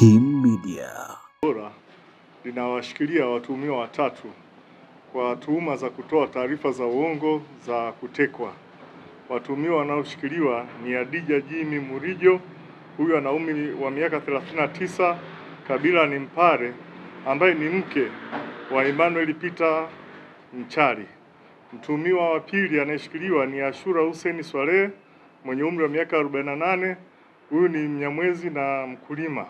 Kim Media bora linawashikilia watuhumiwa watatu kwa tuhuma za kutoa taarifa za uongo za kutekwa. Watuhumiwa wanaoshikiliwa ni Adija Jimmy Murijo, huyu ana umri wa miaka 39, kabila ni Mpare, ambaye ni mke wa Emmanuel Peter Mchari. Mtuhumiwa wa pili anayeshikiliwa ni Ashura Hussein Swalehe mwenye umri wa miaka 48, huyu ni Mnyamwezi na mkulima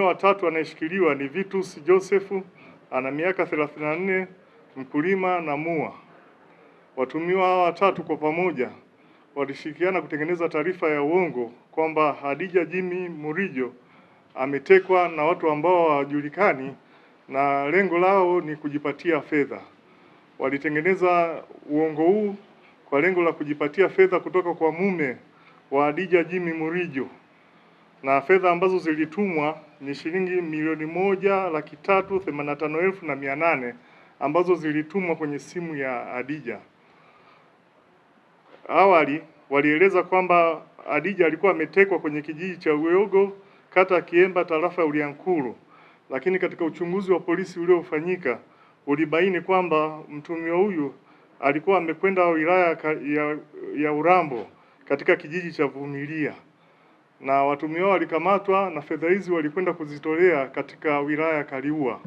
wa watatu anayeshikiliwa ni Vitus Joseph ana miaka 34, mkulima na mua. watumiwa hawa watatu kwa pamoja walishirikiana kutengeneza taarifa ya uongo kwamba Hadija Jimmy Murijo ametekwa na watu ambao hawajulikani na lengo lao ni kujipatia fedha. Walitengeneza uongo huu kwa lengo la kujipatia fedha kutoka kwa mume wa Hadija Jimmy Murijo na fedha ambazo zilitumwa ni shilingi milioni moja laki tatu themanini na tano elfu na mia nane ambazo zilitumwa kwenye simu ya Adija. Awali walieleza kwamba Adija alikuwa ametekwa kwenye kijiji cha Uyogo, kata ya Kiemba, tarafa ya Uliankuru, lakini katika uchunguzi wa polisi uliofanyika ulibaini kwamba mtumio huyu alikuwa amekwenda wilaya ya, ya Urambo katika kijiji cha Vumilia na watumiwao walikamatwa na fedha hizi walikwenda kuzitolea katika wilaya ya Kaliua.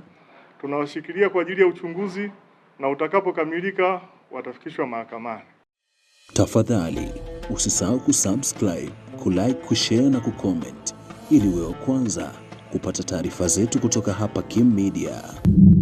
Tunawashikilia kwa ajili ya uchunguzi na utakapokamilika watafikishwa mahakamani. Tafadhali usisahau kusubscribe, kulike, kushare na kucomment ili uwe wa kwanza kupata taarifa zetu kutoka hapa Kim Media.